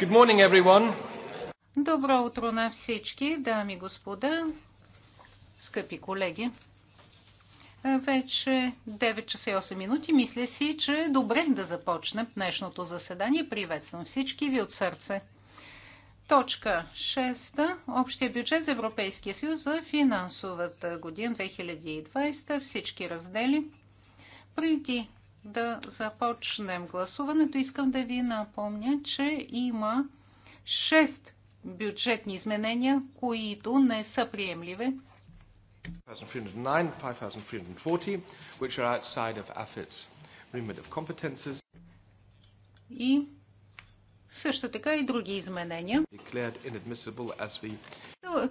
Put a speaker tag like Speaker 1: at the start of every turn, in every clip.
Speaker 1: Good morning,
Speaker 2: everyone.
Speaker 3: Добро утро на всички, дами и господа, скъпи колеги. Вече 9 часа и 8 минути. Мисля си, че е добре да започнем днешното заседание. Приветствам всички ви от сърце. Точка 6. Общия бюджет за Европейския съюз за финансовата година 2020. Всички раздели. Преди да започнем гласуването, искам да ви напомня, че има 6 бюджетни изменения, които не са приемливи. 5309-5340, which are outside of AFIT's
Speaker 2: remit of competences.
Speaker 3: И също така и други изменения,
Speaker 2: as we...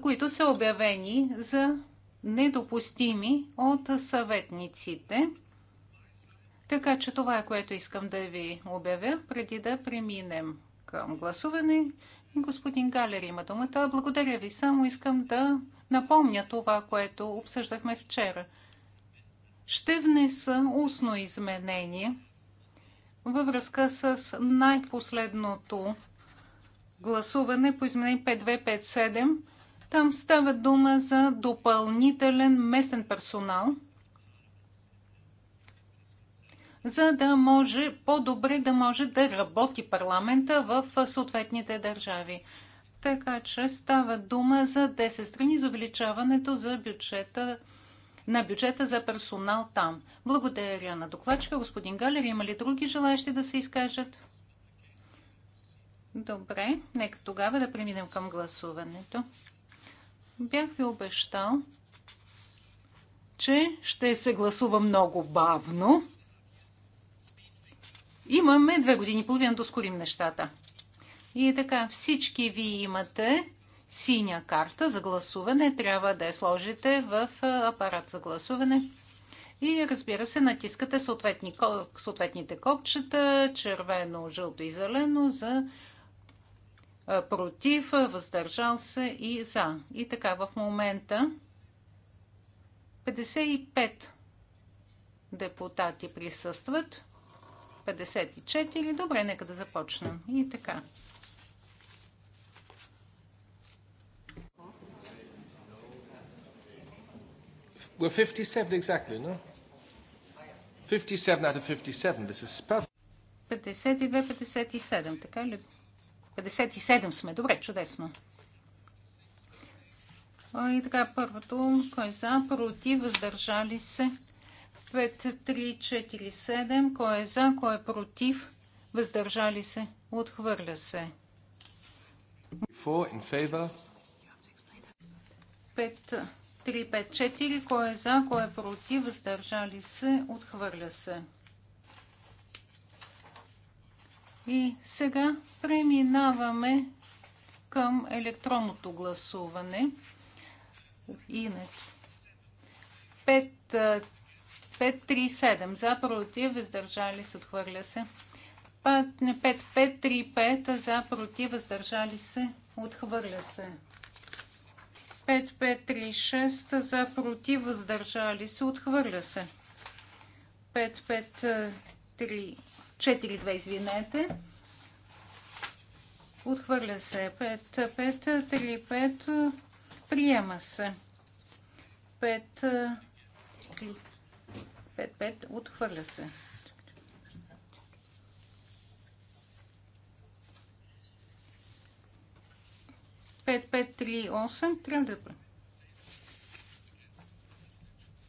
Speaker 3: които са обявени за недопустими от съветниците. Така че това е което искам да ви обявя, преди да преминем към гласуване. Господин Галер има думата. Благодаря ви. Само искам да напомня това, което обсъждахме вчера. Ще внеса устно изменение във връзка с най-последното гласуване по изменение 5257. Там става дума за допълнителен местен персонал – за да може по-добре да може да работи парламента в съответните държави. Така че става дума за 10 страни за увеличаването за бюджета, на бюджета за персонал там. Благодаря на докладчика. Господин Галер, има ли други желаящи да се изкажат? Добре, нека тогава да преминем към гласуването. Бях ви обещал, че ще се гласува много бавно. Имаме две години и половина да ускорим нещата. И е така, всички ви имате синя карта за гласуване. Трябва да я сложите в апарат за гласуване. И разбира се, натискате съответни, съответните копчета, червено, жълто и зелено за против, въздържал се и за. И така, в момента 55 депутати присъстват. 54. Добре, нека да започнем. И така.
Speaker 1: We're 57 exactly, no? 57 out of 57.
Speaker 3: This is perfect. 52-57, така ли? 57 сме. Добре, чудесно. И така, първото, кой е за, против, въздържали се, 5347. Кой е за, кой е против? Въздържали се. Отхвърля се. 5354. Кой е за, кой е против? Въздържали се. Отхвърля се. И сега преминаваме към електронното гласуване. Иначе. 5 537 за, против, въздържали се, отхвърля се. 5535 за, против, въздържали се, отхвърля се. 5536 за, против, въздържали се, отхвърля се. 2, извинете. Отхвърля се. 5535 приема се. 5 5-5, отхвърля се. Пет, пет, три, осем. Трябва да...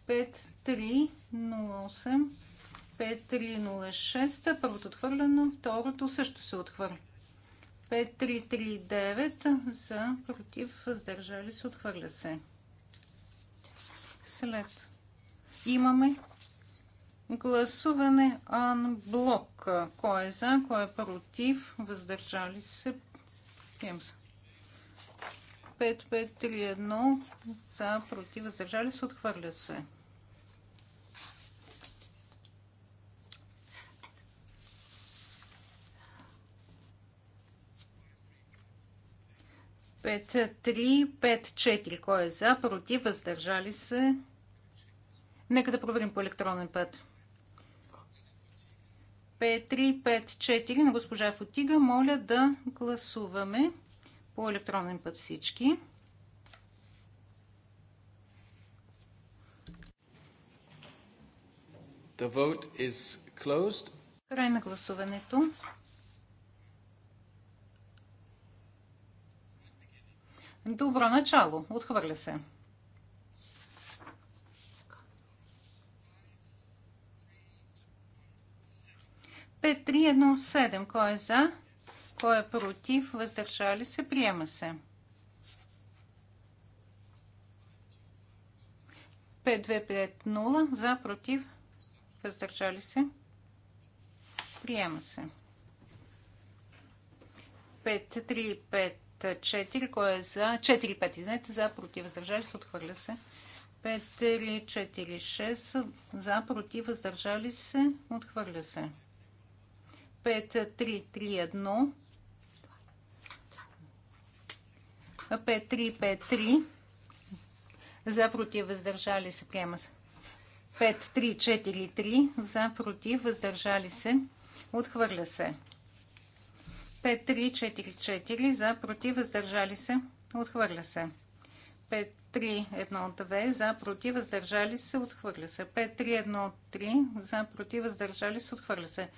Speaker 3: Пет, три, нула, осем. шеста, първото отхвърлено, второто също се отхвърля. девет, за против, въздържали се, отхвърля се. След. Имаме Гласуване анблок. Кой е за, кой е против, въздържали се. Прием се. 5531 за, против, въздържали се, отхвърля се. Пет, три, пет, четири. Кой е за? Против? Въздържали се? Нека да проверим по електронен път. 5354 на госпожа Фотига. Моля да гласуваме по електронен път всички.
Speaker 1: The vote is closed.
Speaker 3: Край на гласуването. Добро начало. Отхвърля се. 5317. Кой е за? Кой е против? Въздържали се? Приема се. 5250. За? Против? Въздържали се? Приема се. 5354. Кой е за? 45. Извинете, за? Против? Въздържали се? Отхвърля се. 5 3 4 6 за, против, въздържали се, отхвърля се. 3, 5, 5353 за против въздържали се приема се 4, 3, за против въздържали се отхвърля се 4, 4, за против въздържали се отхвърля се 5-3-1-2 за против въздържали се отхвърля се 5-3-1-3 за против въздържали се отхвърля се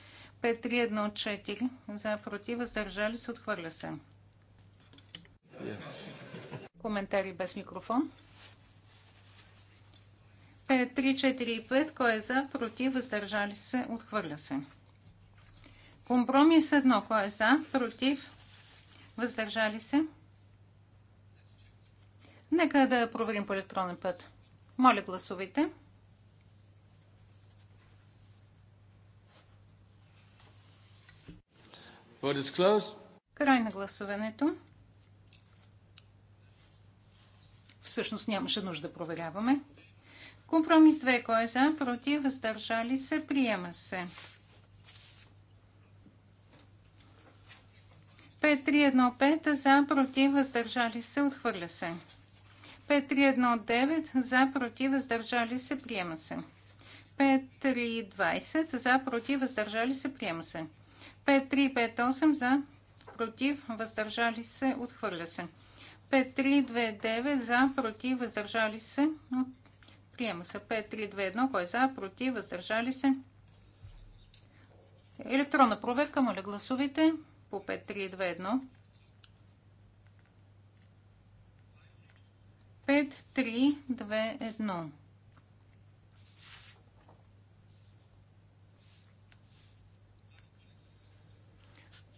Speaker 3: 5314 за против, въздържали се, отхвърля се. Коментари без микрофон. 3, 4 5, кой е за, против, въздържали се, отхвърля се. Компромис 1, кой е за, против, въздържали се. Нека да проверим по електронен път. Моля, гласувайте. Край на гласуването. Всъщност нямаше нужда да проверяваме. Компромис 2. Кой е за? Против? Въздържали се? Приема се. 5315 за, против, въздържали се, отхвърля се. 5319 за, против, въздържали се, приема се. 5320 за, против, въздържали се, приема се. 5358 за, против, въздържали се, отхвърля се. 5329 за, против, въздържали се, приема се. 5321, кой е за, против, въздържали се. Електронна проверка, моля гласувайте по 5321. едно.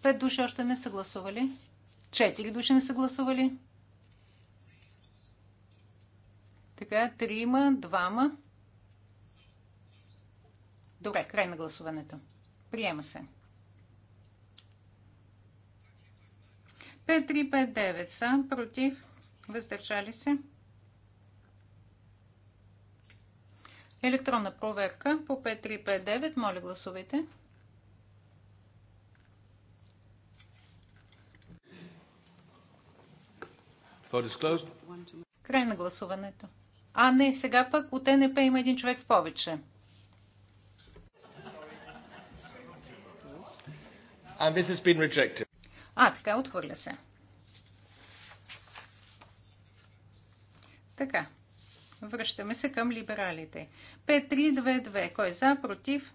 Speaker 3: Пет души още не са гласували. Четири души не са гласували. Така, трима, двама. Добре, край на гласуването. Приема се. 5359 са, против, въздържали се. Електронна проверка по 5359. Моля гласувайте. Край на гласуването. А не, сега пък от НП има един човек в повече. А, така, отхвърля се. Така. Връщаме се към либералите. 5-3-2-2. Кой е за, против?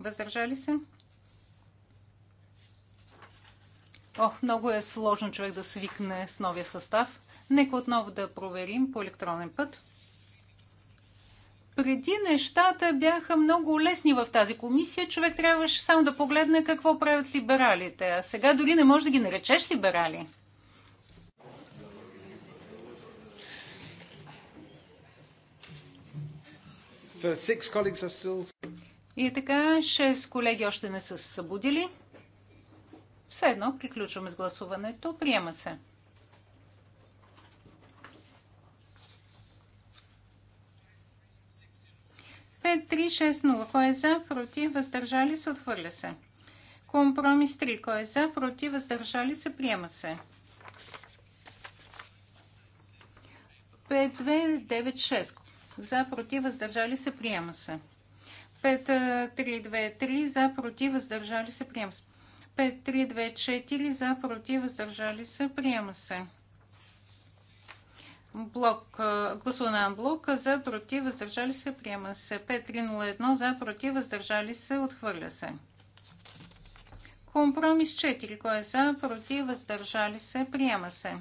Speaker 3: Въздържали се? Ох, много е сложно човек да свикне с новия състав. Нека отново да проверим по електронен път. Преди нещата бяха много лесни в тази комисия. Човек трябваше само да погледне какво правят либералите. А сега дори не можеш да ги наречеш либерали. И така, шест колеги още не са събудили. Все едно, приключваме с гласуването. Приема се. 5360. Кой е за? Против? Въздържали се? Отхвърля се. Компромис 3. Кой е за? Против? Въздържали се? Приема се. 5296. За? Против? Въздържали се? Приема се. 5323. За? Против? Въздържали се? Приема се. 5324. За? Против? Въздържали се? Приема се блок, гласуване на блок за против, въздържали се, приема се. 5301 за против, въздържали се, отхвърля се. Компромис 4, кой е за, против, въздържали се, приема се.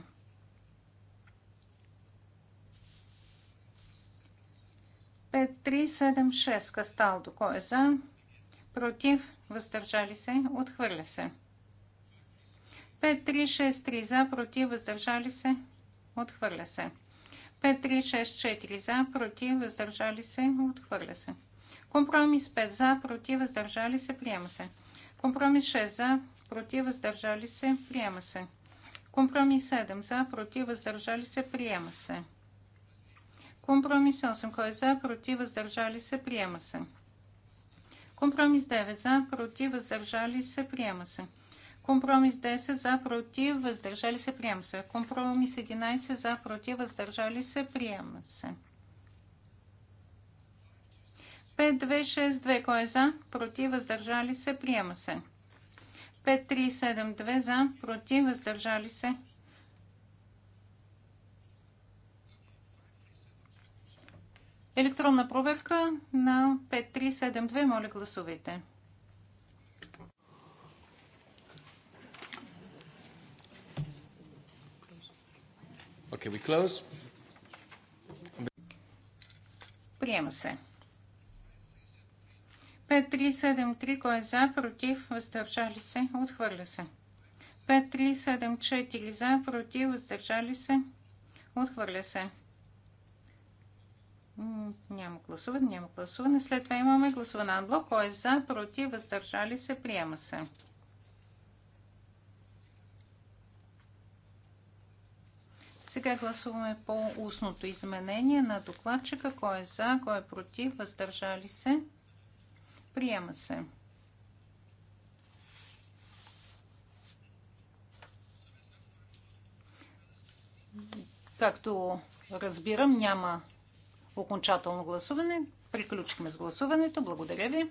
Speaker 3: Пет, три, седем, шест, Касталдо, кой е за, против, въздържали се, отхвърля се. Пет, три, шест, три. за, против, въздържали се, отхвърля се. 4 за, против, въздържали се, отхвърля се. Компромис 5 за, против, въздържали се, приема се. Компромис 6 за, против, въздържали се, приема се. Компромис 7 за, против, въздържали се, приема се. Компромис 8, кой е за, против, въздържали се, приема се. Компромис 9 за, против, въздържали се, приема се. Компромис 10 за против, въздържали се, приема се. Компромис 11 за против, въздържали се, приема се. 5262 кой е за, против, въздържали се, приема се. 5372 за, против, въздържали се. Електронна проверка на 5372, моля гласувайте.
Speaker 1: Okay, we close.
Speaker 3: Приема се. 5373, кой е за, против, въздържали се, отхвърля се. 5374 за, против, въздържали се, отхвърля се. Няма гласуване, няма гласуване. След това имаме гласуване на блок, кой е за, против, въздържали се, приема се. Сега гласуваме по устното изменение на докладчика. Кой е за, кой е против, въздържали се. Приема се. Както разбирам, няма окончателно гласуване. Приключихме с гласуването. Благодаря ви.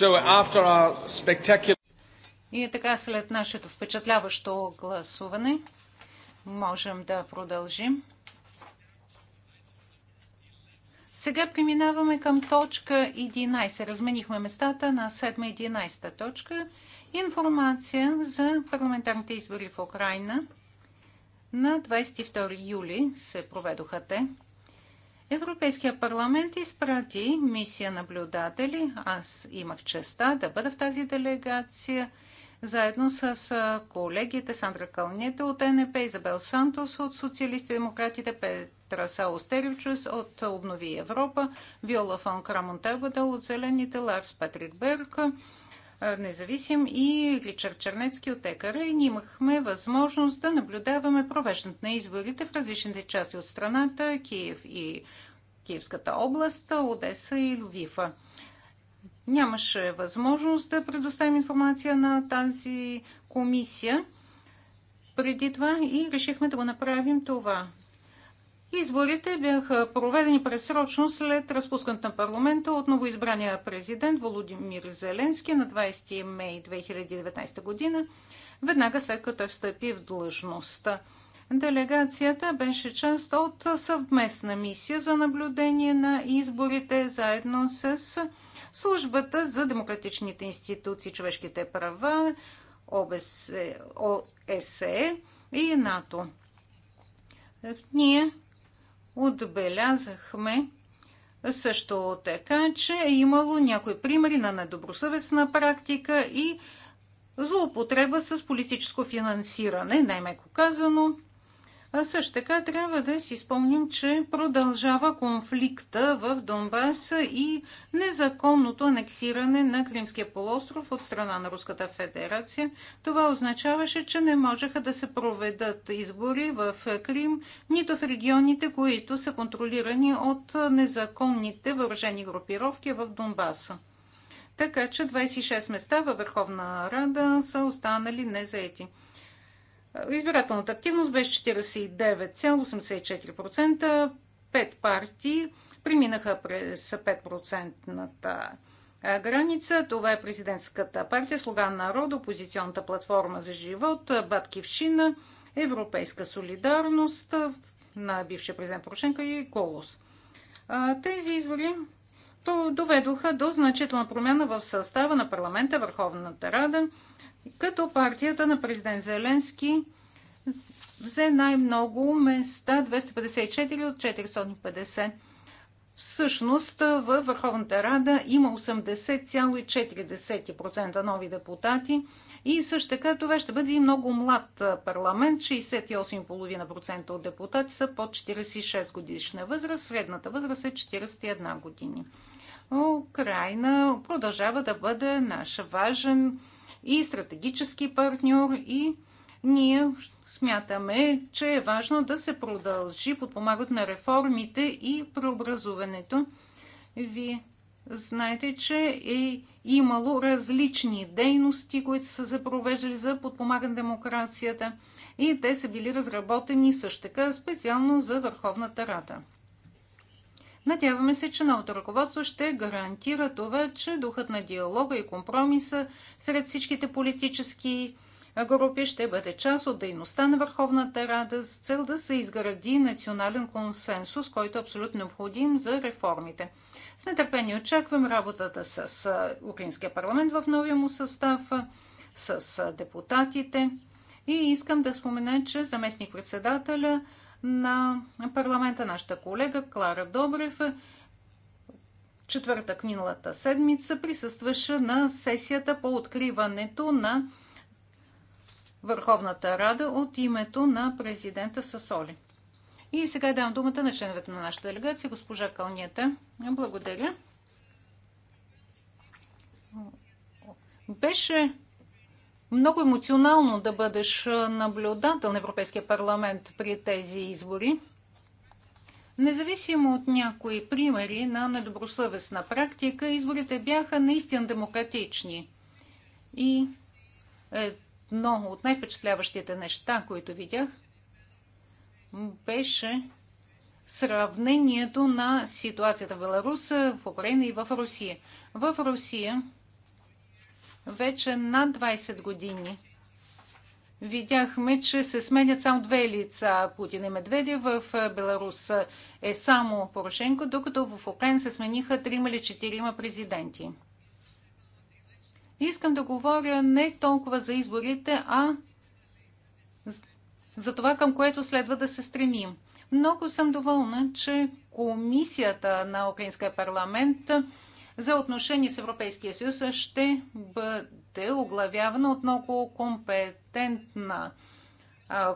Speaker 3: So spectacular... И така след нашето впечатляващо гласуване можем да продължим. Сега преминаваме към точка 11. Разменихме местата на 7-11 точка. Информация за парламентарните избори в Украина. На 22 юли се проведоха те. Европейския парламент изпрати мисия наблюдатели. Аз имах честа да бъда в тази делегация заедно с колегите Сандра Кълнете от НП, Изабел Сантос от Социалисти и демократите, Петра Стеричус от Обнови Европа, Виола фон Крамонтебадел от Зелените, Ларс Патрик Берка независим и Ричард Чернецки от ЕКР и ние имахме възможност да наблюдаваме провеждането на изборите в различните части от страната, Киев и Киевската област, Одеса и Лвива. Нямаше възможност да предоставим информация на тази комисия преди това и решихме да го направим това Изборите бяха проведени предсрочно след разпускането на парламента от новоизбрания президент Володимир Зеленски на 20 май 2019 година, веднага след като е встъпи в длъжността. Делегацията беше част от съвместна мисия за наблюдение на изборите заедно с Службата за демократичните институции, човешките права, ОСЕ е е и НАТО. Ние Отбелязахме също така, че е имало някои примери на недобросъвестна практика и злоупотреба с политическо финансиране, най-меко казано. А също така трябва да си спомним, че продължава конфликта в Донбас и незаконното анексиране на Кримския полуостров от страна на Руската федерация. Това означаваше, че не можеха да се проведат избори в Крим, нито в регионите, които са контролирани от незаконните въоръжени групировки в Донбаса. Така че 26 места във Върховна Рада са останали незаети. Избирателната активност беше 49,84%. Пет партии преминаха през 5%-ната граница. Това е президентската партия Слуга на народа, опозиционната платформа за живот, Баткившина, Европейска солидарност на бившия президент Порошенко и Колос. Тези избори доведоха до значителна промяна в състава на парламента, Върховната рада като партията на президент Зеленски взе най-много места 254 от 450. Всъщност в Върховната Рада има 80,4% нови депутати и също така това ще бъде и много млад парламент. 68,5% от депутати са под 46 годишна възраст. Средната възраст е 41 години. Украина продължава да бъде наш важен и стратегически партньор и ние смятаме, че е важно да се продължи подпомагат на реформите и преобразуването. Вие знаете, че е имало различни дейности, които са се провеждали за подпомагане демокрацията и те са били разработени също така специално за Върховната Рада. Надяваме се, че новото ръководство ще гарантира това, че духът на диалога и компромиса сред всичките политически групи ще бъде част от дейността на Върховната Рада с цел да се изгради национален консенсус, който е абсолютно необходим за реформите. С нетърпение очаквам работата с Украинския парламент в новия му състав, с депутатите и искам да спомена, че заместник-председателя на парламента, нашата колега Клара Добрев, четвъртък миналата седмица присъстваше на сесията по откриването на Върховната Рада от името на президента Сасоли. И сега давам думата на членовете на нашата делегация, госпожа Кълнията. Благодаря. Беше много емоционално да бъдеш наблюдател на Европейския парламент при тези избори. Независимо от някои примери на недобросъвестна практика, изборите бяха наистина демократични. И едно от най-впечатляващите неща, които видях, беше сравнението на ситуацията в Беларус, в Украина и в Русия. В Русия вече над 20 години. Видяхме, че се сменят само две лица. Путин и Медведев в Беларус е само Порошенко, докато в Украина се смениха трима или четирима президенти. Искам да говоря не толкова за изборите, а за това, към което следва да се стремим. Много съм доволна, че комисията на Украинския парламент за отношение с Европейския съюз ще бъде оглавявана от много компетентна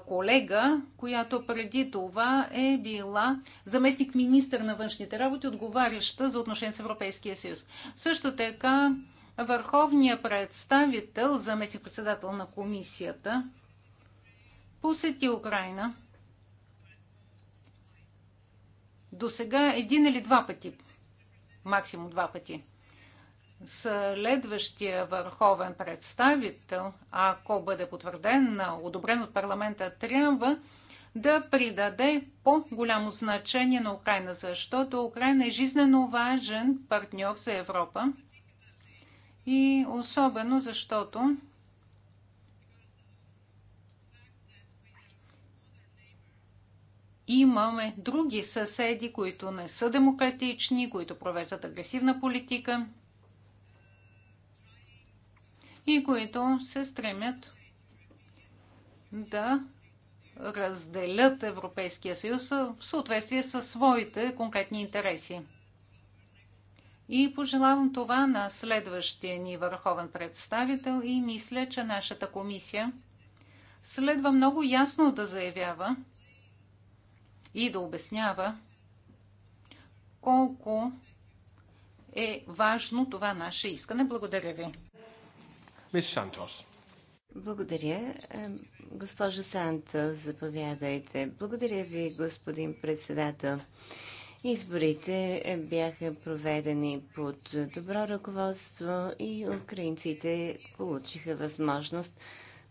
Speaker 3: колега, която преди това е била заместник министър на външните работи, отговаряща за отношение с Европейския съюз. Също така върховният представител, заместник председател на комисията, посети Украина. До сега един или два пъти максимум два пъти. Следващия върховен представител, ако бъде потвърден, одобрен от парламента, трябва да придаде по-голямо значение на Украина, защото Украина е жизненно важен партньор за Европа и особено защото имаме други съседи, които не са демократични, които провеждат агресивна политика и които се стремят да разделят Европейския съюз в съответствие със своите конкретни интереси. И пожелавам това на следващия ни върховен представител и мисля, че нашата комисия следва много ясно да заявява, и да обяснява колко е важно това наше искане. Благодаря ви.
Speaker 2: Мис Сантос.
Speaker 3: Благодаря. Е, госпожо
Speaker 1: Санта, заповядайте. Благодаря ви, господин председател. Изборите е, бяха проведени под добро ръководство и украинците получиха възможност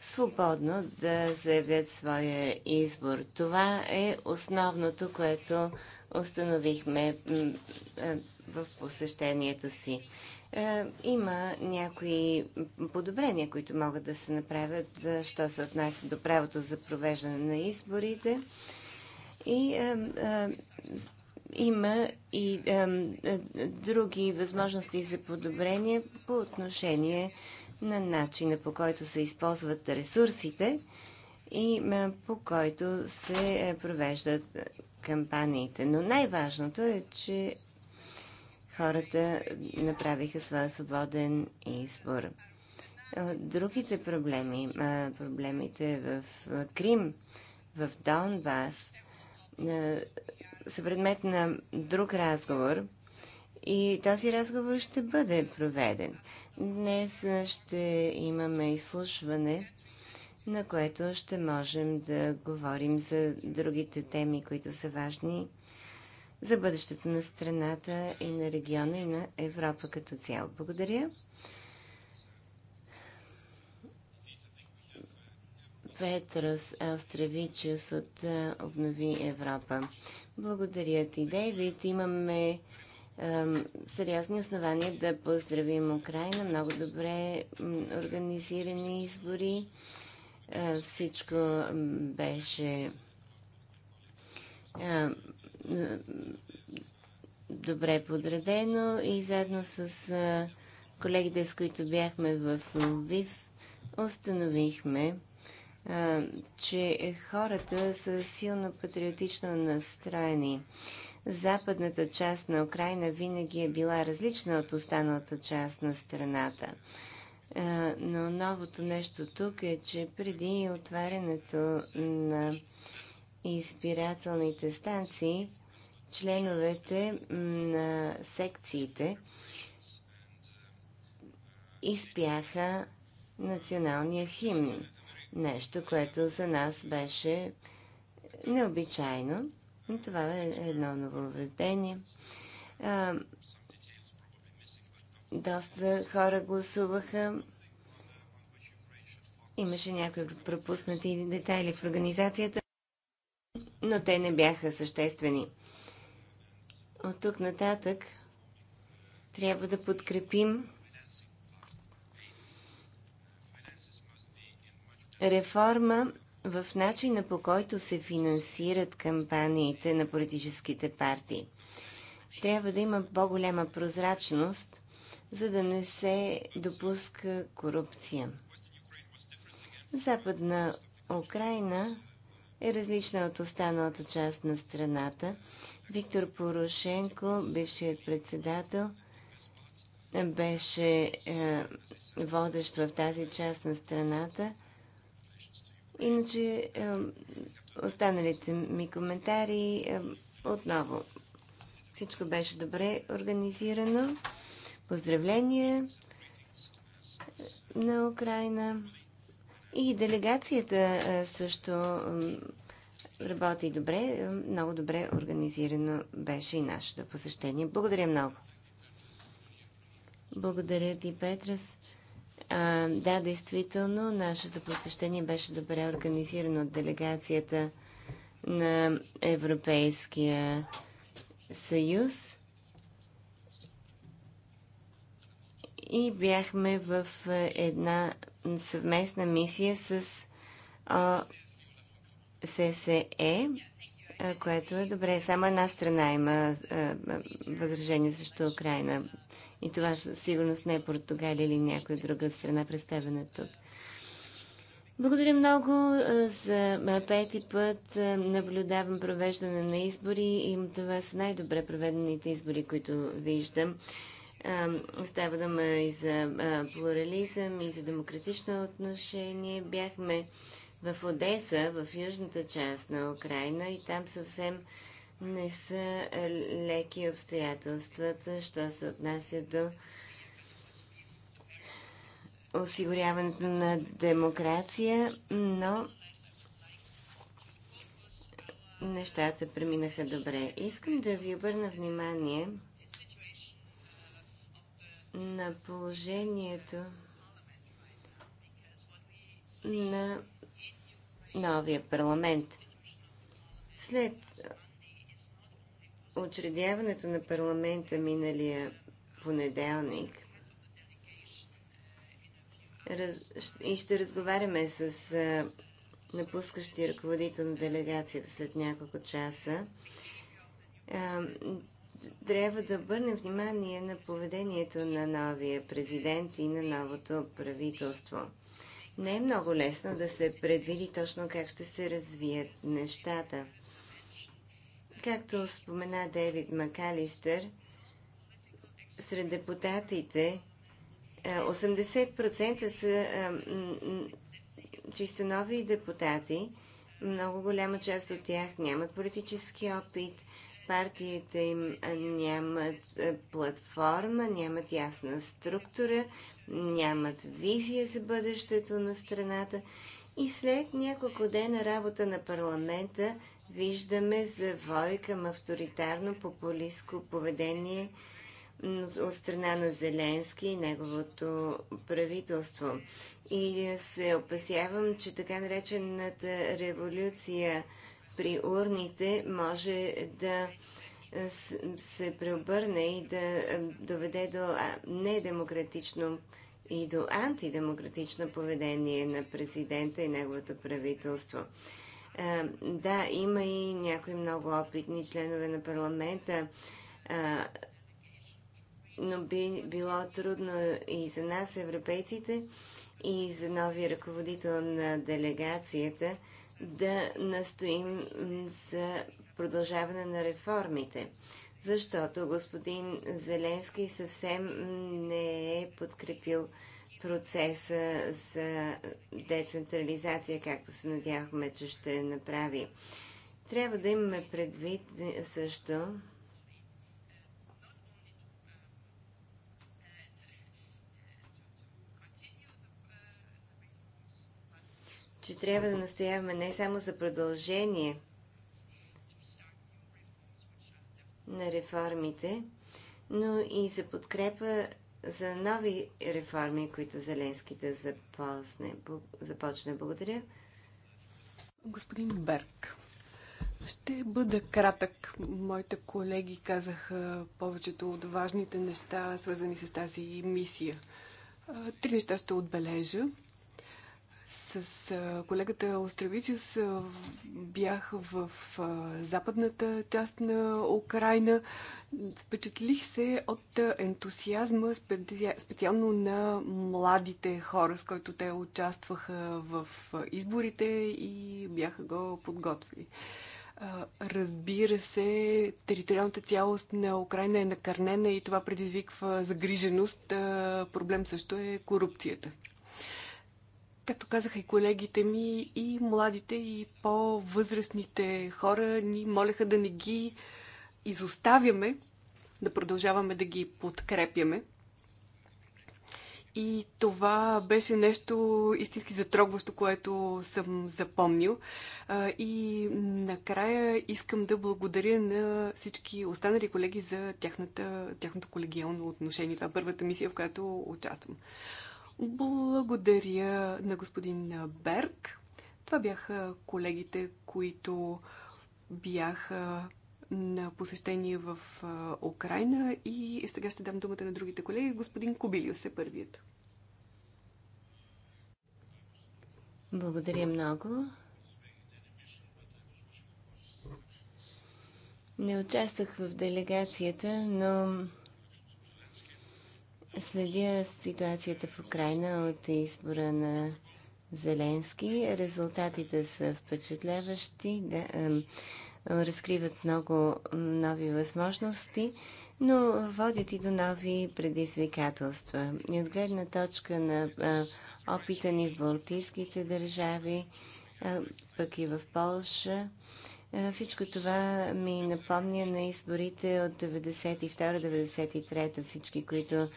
Speaker 1: свободно да заявят своя избор. Това е основното, което установихме в посещението си. Има някои подобрения, които могат да се направят, що се отнася до правото за провеждане на изборите. И има и други възможности за подобрение по отношение на начина по който се използват ресурсите и по който се е, провеждат кампаниите. Но най-важното е, че хората направиха своя свободен избор. Другите проблеми, проблемите в Крим, в Донбас, са предмет на друг разговор – и този разговор ще бъде проведен. Днес ще имаме изслушване, на което ще можем да говорим за другите теми, които са важни за бъдещето на страната и на региона и на Европа като цяло. Благодаря. Петрос Елстревичус от Обнови Европа. Благодаря ти, Дейвид. Имаме сериозни основания да поздравим Украина. Много добре организирани избори. Всичко беше добре подредено и заедно с колегите, с които бяхме в Лвив, установихме, че хората са силно патриотично настроени западната част на Украина винаги е била различна от останалата част на страната. Е, но новото нещо тук е, че преди отварянето на избирателните станции, членовете на секциите изпяха националния химн. Нещо, което за нас беше необичайно. Това е едно нововведение. Доста хора гласуваха. Имаше някои пропуснати детайли в организацията, но те не бяха съществени. От тук нататък трябва да подкрепим реформа в начина по който се финансират кампаниите на политическите партии. Трябва да има по-голяма прозрачност, за да не се допуска корупция. Западна Украина е различна от останалата част на страната. Виктор Порошенко, бившият председател, беше е, водещ в тази част на страната – Иначе останалите ми коментари отново. Всичко беше добре организирано. Поздравления е, на Украина. И делегацията е, също работи добре. Е, много добре организирано беше и нашето посещение. Благодаря много. Благодаря ти, Петрас. А, да, действително, нашето посещение беше добре организирано от делегацията на Европейския съюз. И бяхме в една съвместна мисия с ССЕ е, което е добре. Само една страна има е, възражение срещу Украина. И това със сигурност не е Португалия или някоя друга страна, представена тук. Благодаря много е, за пети път. Наблюдавам провеждане на избори и това са най-добре проведените избори, които виждам. Става дума и за плурализъм, и за демократично отношение. Бяхме в Одеса, в южната част на Украина и там съвсем не са леки обстоятелствата, що се отнася до осигуряването на демокрация, но нещата преминаха добре. Искам да ви обърна внимание на положението на новия парламент. След учредяването на парламента миналия понеделник раз... и ще разговаряме с напускащия ръководител на делегацията след няколко часа, трябва да обърнем внимание на поведението на новия президент и на новото правителство не е много лесно да се предвиди точно как ще се развият нещата. Както спомена Дейвид Макалистър, сред депутатите 80% е, са е, чисто нови депутати. Много голяма част от тях нямат политически опит, партиите им нямат платформа, нямат ясна структура, нямат визия за бъдещето на страната. И след няколко дена работа на парламента виждаме завой към авторитарно популистско поведение от страна на Зеленски и неговото правителство. И се опасявам, че така наречената революция при урните може да се преобърне и да доведе до недемократично и до антидемократично поведение на президента и неговото правителство. Да, има и някои много опитни членове на парламента, но би било трудно и за нас, европейците, и за новия ръководител на делегацията – да настоим за продължаване на реформите, защото господин Зеленски съвсем не е подкрепил процеса за децентрализация, както се надявахме, че ще направи. Трябва да имаме предвид също, че трябва да настояваме не само за продължение на реформите, но и за подкрепа за нови реформи, които Зеленски да започне. започне. Благодаря.
Speaker 2: Господин Берг, ще бъда кратък. Моите колеги казаха повечето от важните неща, свързани с тази мисия. Три неща ще отбележа. С колегата Остравичус бях в западната част на Украина. Впечатлих се от ентусиазма, специално на младите хора, с които те участваха в изборите и бяха го подготвили. Разбира се, териториалната цялост на Украина е накърнена и това предизвиква загриженост. Проблем също е корупцията. Както казаха и колегите ми, и младите, и по-възрастните хора ни молеха да не ги изоставяме, да продължаваме да ги подкрепяме. И това беше нещо истински затрогващо, което съм запомнил. И накрая искам да благодаря на всички останали колеги за тяхната, тяхното колегиално отношение. Това е първата мисия, в която участвам. Благодаря на господин Берг. Това бяха колегите, които бяха на посещение в Украина и сега ще дам думата на другите колеги. Господин Кобилиус е първият.
Speaker 1: Благодаря много. Не участвах в делегацията, но Следя ситуацията в Украина от избора на Зеленски. Резултатите са впечатляващи, да, э, разкриват много нови възможности, но водят и до нови предизвикателства. И от гледна точка на э, опита ни в Балтийските държави, э, пък и в Полша, е, всичко това ми напомня на изборите от 92-93, всички, които е,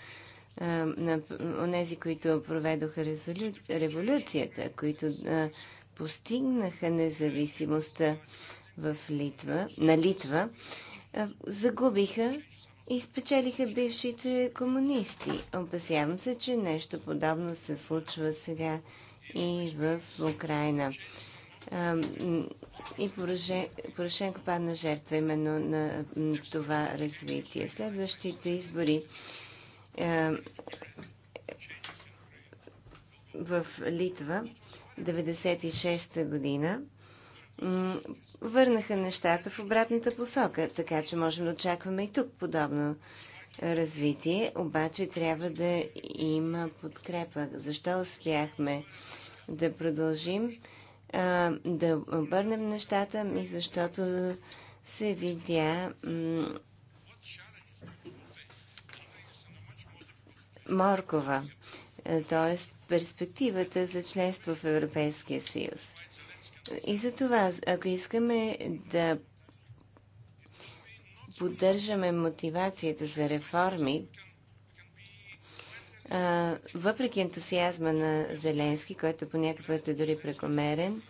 Speaker 1: на онези, които проведоха резолю... революцията, които а, е, постигнаха независимостта в Литва, на Литва, а, загубиха и спечелиха бившите комунисти. Опасявам се, че нещо подобно се случва сега и в Украина. И Порошенко падна жертва именно на това развитие. Следващите избори в Литва 96-та година върнаха нещата в обратната посока, така че можем да очакваме и тук подобно развитие, обаче трябва да има подкрепа. Защо успяхме да продължим? а, да обърнем нещата ми, защото се видя Моркова, т.е. перспективата за членство в Европейския съюз. И за това, ако искаме да поддържаме мотивацията за реформи, въпреки ентусиазма на Зеленски, който по някакъв път е дори прекомерен,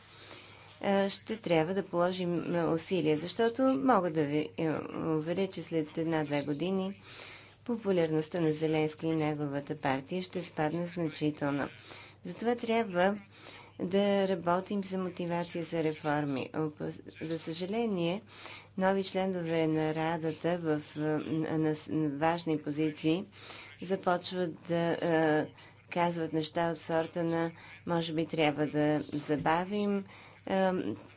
Speaker 1: ще трябва да положим усилия, защото мога да ви е, уверя, че след една-две години популярността на Зеленски и неговата партия ще спадне значително. Затова трябва да работим за мотивация за реформи. За съжаление, нови членове на Радата в е, на важни позиции започват да е, казват неща от сорта на може би трябва да забавим е,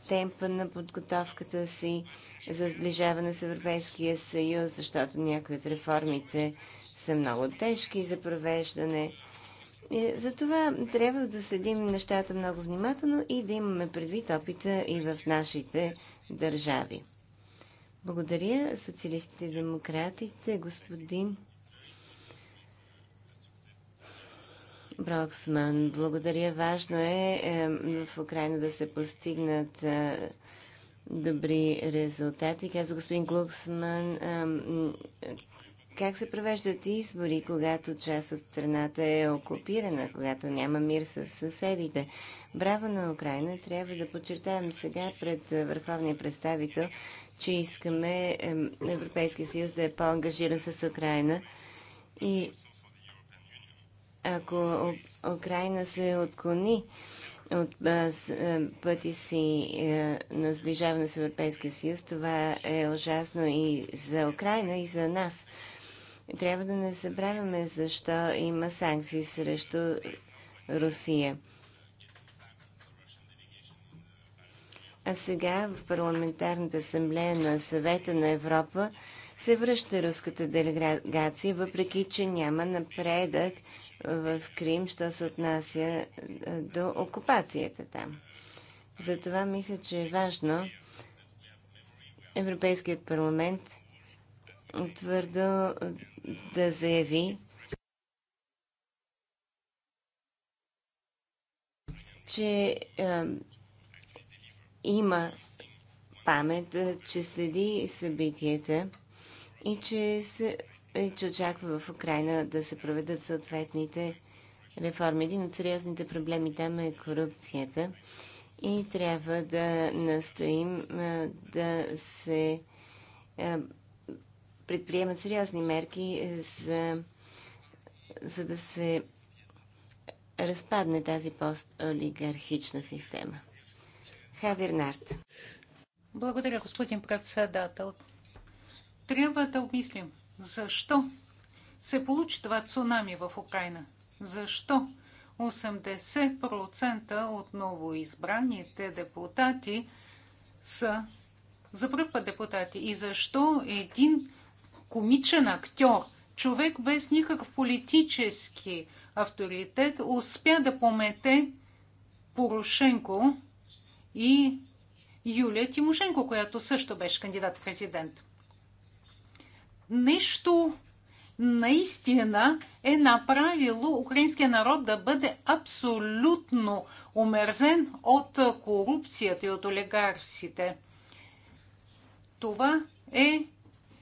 Speaker 1: темпа на подготовката си за сближаване с Европейския съюз, защото някои от реформите са много тежки за провеждане. Затова трябва да следим нещата много внимателно и да имаме предвид опита и в нашите държави. Благодаря, социалистите и демократите, господин Броксман, благодаря. Важно е, е в Украина да се постигнат е, добри резултати. Казва господин Глуксман, е, как се провеждат избори, когато част от страната е окупирана, когато няма мир с съседите? Браво на Украина! Трябва да подчертаем сега пред върховния представител, че искаме е, Европейския съюз да е по-ангажиран с Украина и ако Украина се отклони от пъти си на сближаване с Европейския съюз, това е ужасно и за Украина, и за нас. Трябва да не забравяме защо има санкции срещу Русия. А сега в Парламентарната асамблея на съвета на Европа се връща руската делегация, въпреки че няма напредък в Крим, що се отнася е, до окупацията там. Затова мисля, че е важно Европейският парламент твърдо е, да заяви, че е, има памет, е, че следи събитията и че се е, че очаква в Украина да се проведат съответните реформи. Един от сериозните проблеми там е корупцията и трябва да настоим да се предприемат сериозни мерки е, за, за да се разпадне тази пост-олигархична система. Хавир Нарт.
Speaker 3: Благодаря, господин председател. Трябва да обмислим защо се получи това цунами в Украина? Защо 80% от новоизбраните депутати са за първ път депутати? И защо един комичен актьор, човек без никакъв политически авторитет, успя да помете Порошенко и Юлия Тимошенко, която също беше кандидат в президент нещо наистина е направило украинския народ да бъде абсолютно омерзен от корупцията и от олигарсите. Това е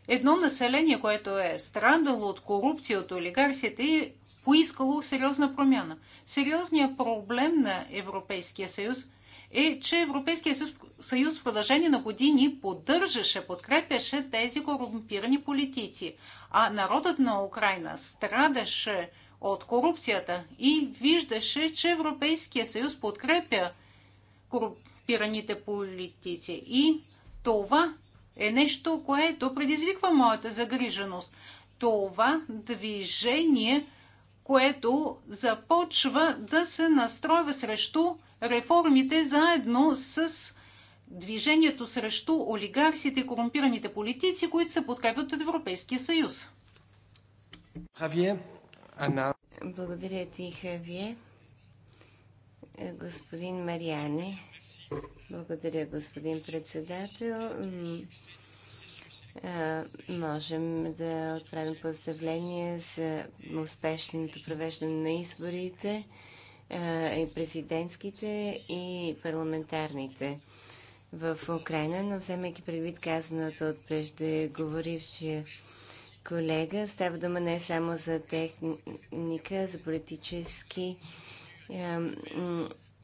Speaker 3: едно население, което е страдало от корупция, от олигарсите и поискало сериозна промяна. Сериозният проблем на Европейския съюз – е, че Европейския съюз в продължение на години поддържаше, подкрепяше тези корумпирани политици, а народът на Украина страдаше от корупцията и виждаше, че Европейския съюз подкрепя корумпираните политици. И това е нещо, което предизвиква моята загриженост. Това движение – което започва да се настройва срещу реформите заедно с движението срещу олигарсите и корумпираните политици, които се подкрепят от Европейския съюз.
Speaker 1: Благодаря ти, Хавие. Господин Мариане. Благодаря, господин председател. Е, можем да отправим поздравление за успешното провеждане на изборите, е, и президентските, и парламентарните в Украина, но вземайки предвид казаното от преждеговорившия колега, става дума не само за техника, за политически е,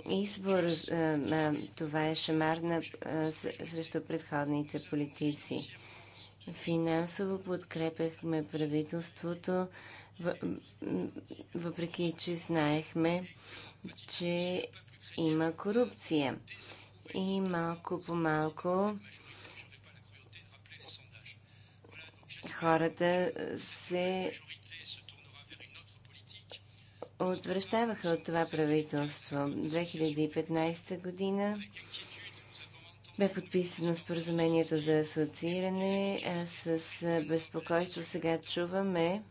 Speaker 1: избор. е, това е шамарна срещу предходните политици финансово подкрепяхме правителството, въпреки че знаехме, че има корупция. И малко по малко хората се отвръщаваха от това правителство. 2015 година бе подписано споразумението за асоцииране. с безпокойство сега чуваме,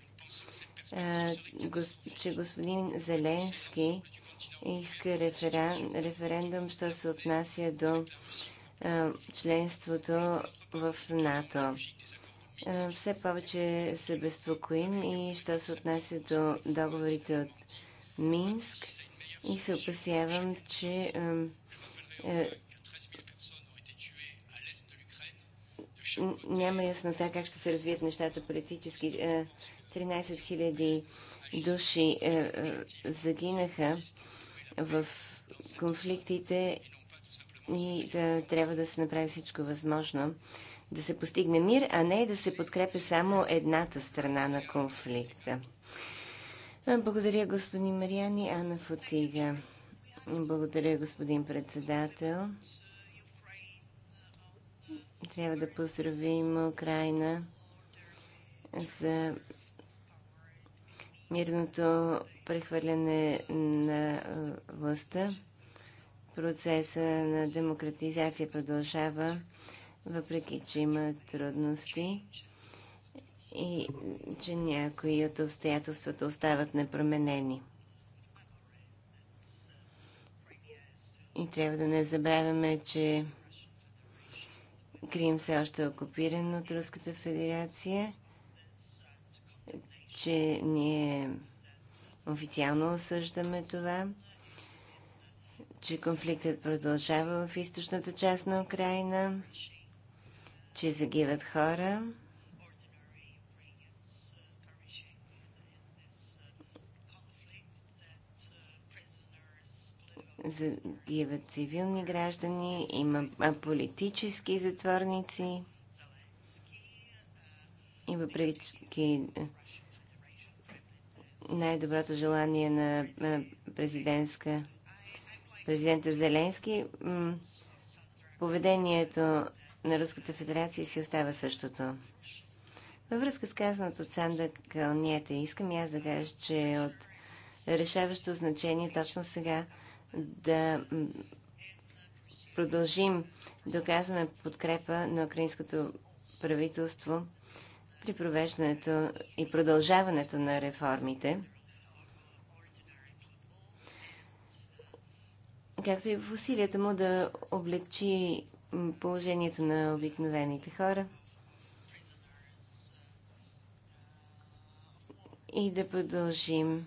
Speaker 1: че господин Зеленски иска референдум, що се отнася до членството в НАТО. Все повече се безпокоим и що се отнася до договорите от Минск и се опасявам, че е, няма яснота как ще се развият нещата политически. 13 е, 000 души е, е, загинаха в конфликтите и да, трябва да се направи всичко възможно да се постигне мир, а не да се подкрепя само едната страна на конфликта. Благодаря, господин Мариани. Ана Фотига. Благодаря, господин председател. Трябва да поздравим Украина за мирното прехвърляне на властта. Процеса на демократизация продължава, въпреки че има трудности и че някои от обстоятелствата остават непроменени. И трябва да не забравяме, че Крим все още е окупиран от Руската федерация, че ние официално осъждаме това, че конфликтът продължава в източната част на Украина, че загиват хора. загиват цивилни граждани, има политически затворници. И въпреки най-доброто желание на президентска, президента Зеленски, поведението на Руската федерация си остава същото. Във връзка с казаното от Санда Кълнията, искам и аз да кажа, че от решаващо значение точно сега да продължим да оказваме подкрепа на украинското правителство при провеждането и продължаването на реформите, както и в усилията му да облегчи положението на обикновените хора и да продължим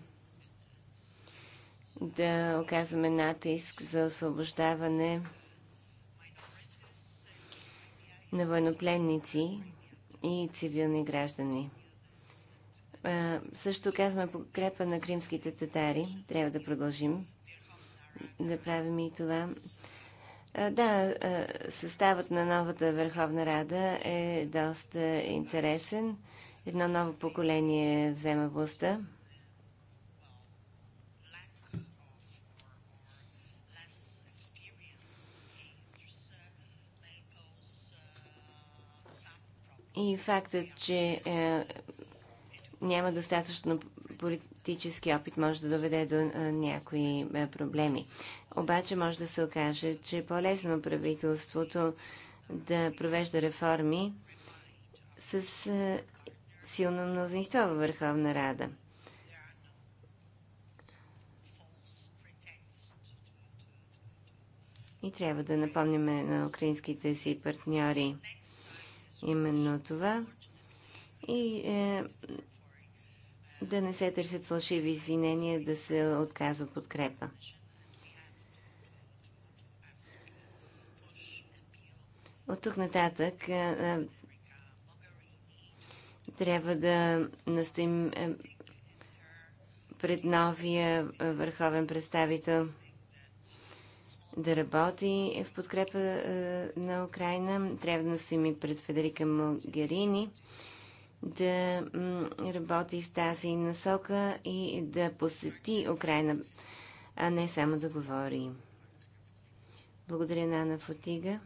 Speaker 1: да оказваме натиск за освобождаване на военнопленници и цивилни граждани. също оказваме подкрепа на кримските татари. Трябва да продължим да правим и това. да, съставът на новата Върховна Рада е доста интересен. Едно ново поколение взема властта. и фактът, че е, няма достатъчно политически опит може да доведе до е, някои е, проблеми. Обаче може да се окаже, че е по-лесно правителството да провежда реформи с е, силно мнозинство във Върховна Рада. И трябва да напомняме на украинските си партньори именно това. И е, да не се търсят фалшиви извинения, да се отказва подкрепа. От тук нататък е, е, трябва да настоим е, пред новия е, върховен представител – да работи в подкрепа е, на Украина. Трябва да настоим и пред Федерика Могерини да работи в тази насока и да посети Украина, а не само да говори. Благодаря на Ана Фотига.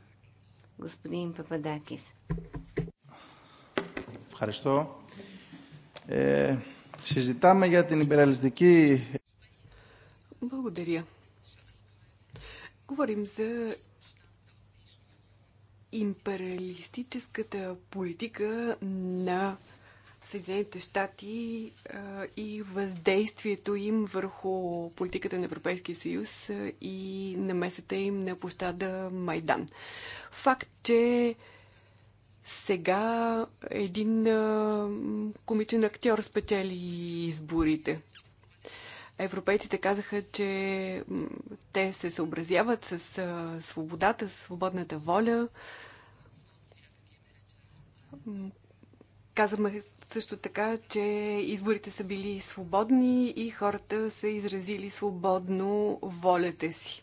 Speaker 1: Господин Пападакис.
Speaker 3: Ευχαριστώ. Ε, е, συζητάμε για την
Speaker 2: Благодаря. Говорим за империалистическата политика на Съединените щати и въздействието им върху политиката на Европейския съюз и намесата им на площада Майдан. Факт, че сега един комичен актьор спечели изборите – Европейците казаха, че те се съобразяват с свободата, с свободната воля. Казваме също така, че изборите са били свободни и хората са изразили свободно волята си.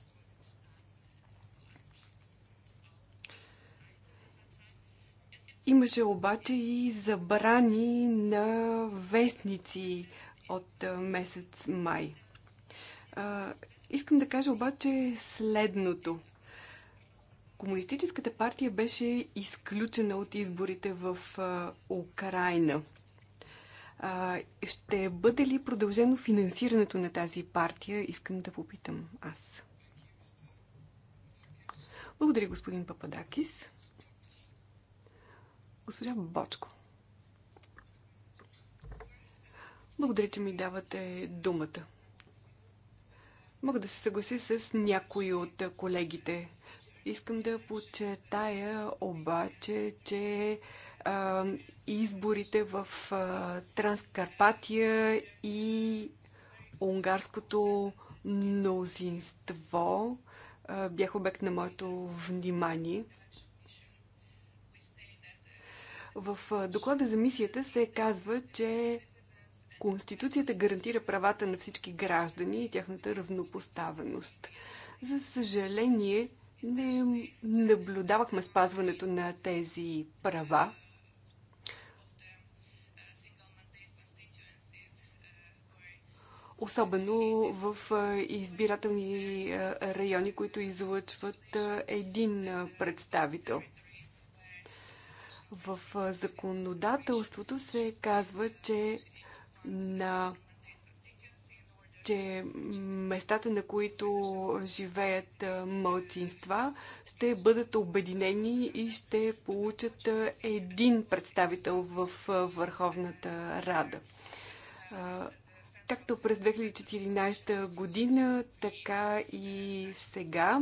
Speaker 2: Имаше обаче и забрани на вестници, от месец май. Искам да кажа обаче следното. Комунистическата партия беше изключена от изборите в Украина. Ще бъде ли продължено финансирането на тази партия? Искам да попитам аз. Благодаря, господин Пападакис. Госпожа Бочко. Благодаря, че ми давате думата. Мога да се съгласи с някои от колегите. Искам да подчертая обаче, че а, изборите в а, Транскарпатия и унгарското мнозинство а, бях обект на моето внимание. В доклада за мисията се казва, че Конституцията гарантира правата на всички граждани и тяхната равнопоставеност. За съжаление, не наблюдавахме спазването на тези права. Особено в избирателни райони, които излъчват един представител. В законодателството се казва, че на че местата, на които живеят мълцинства, ще бъдат обединени и ще получат един представител в Върховната Рада. Както през 2014 година, така и сега.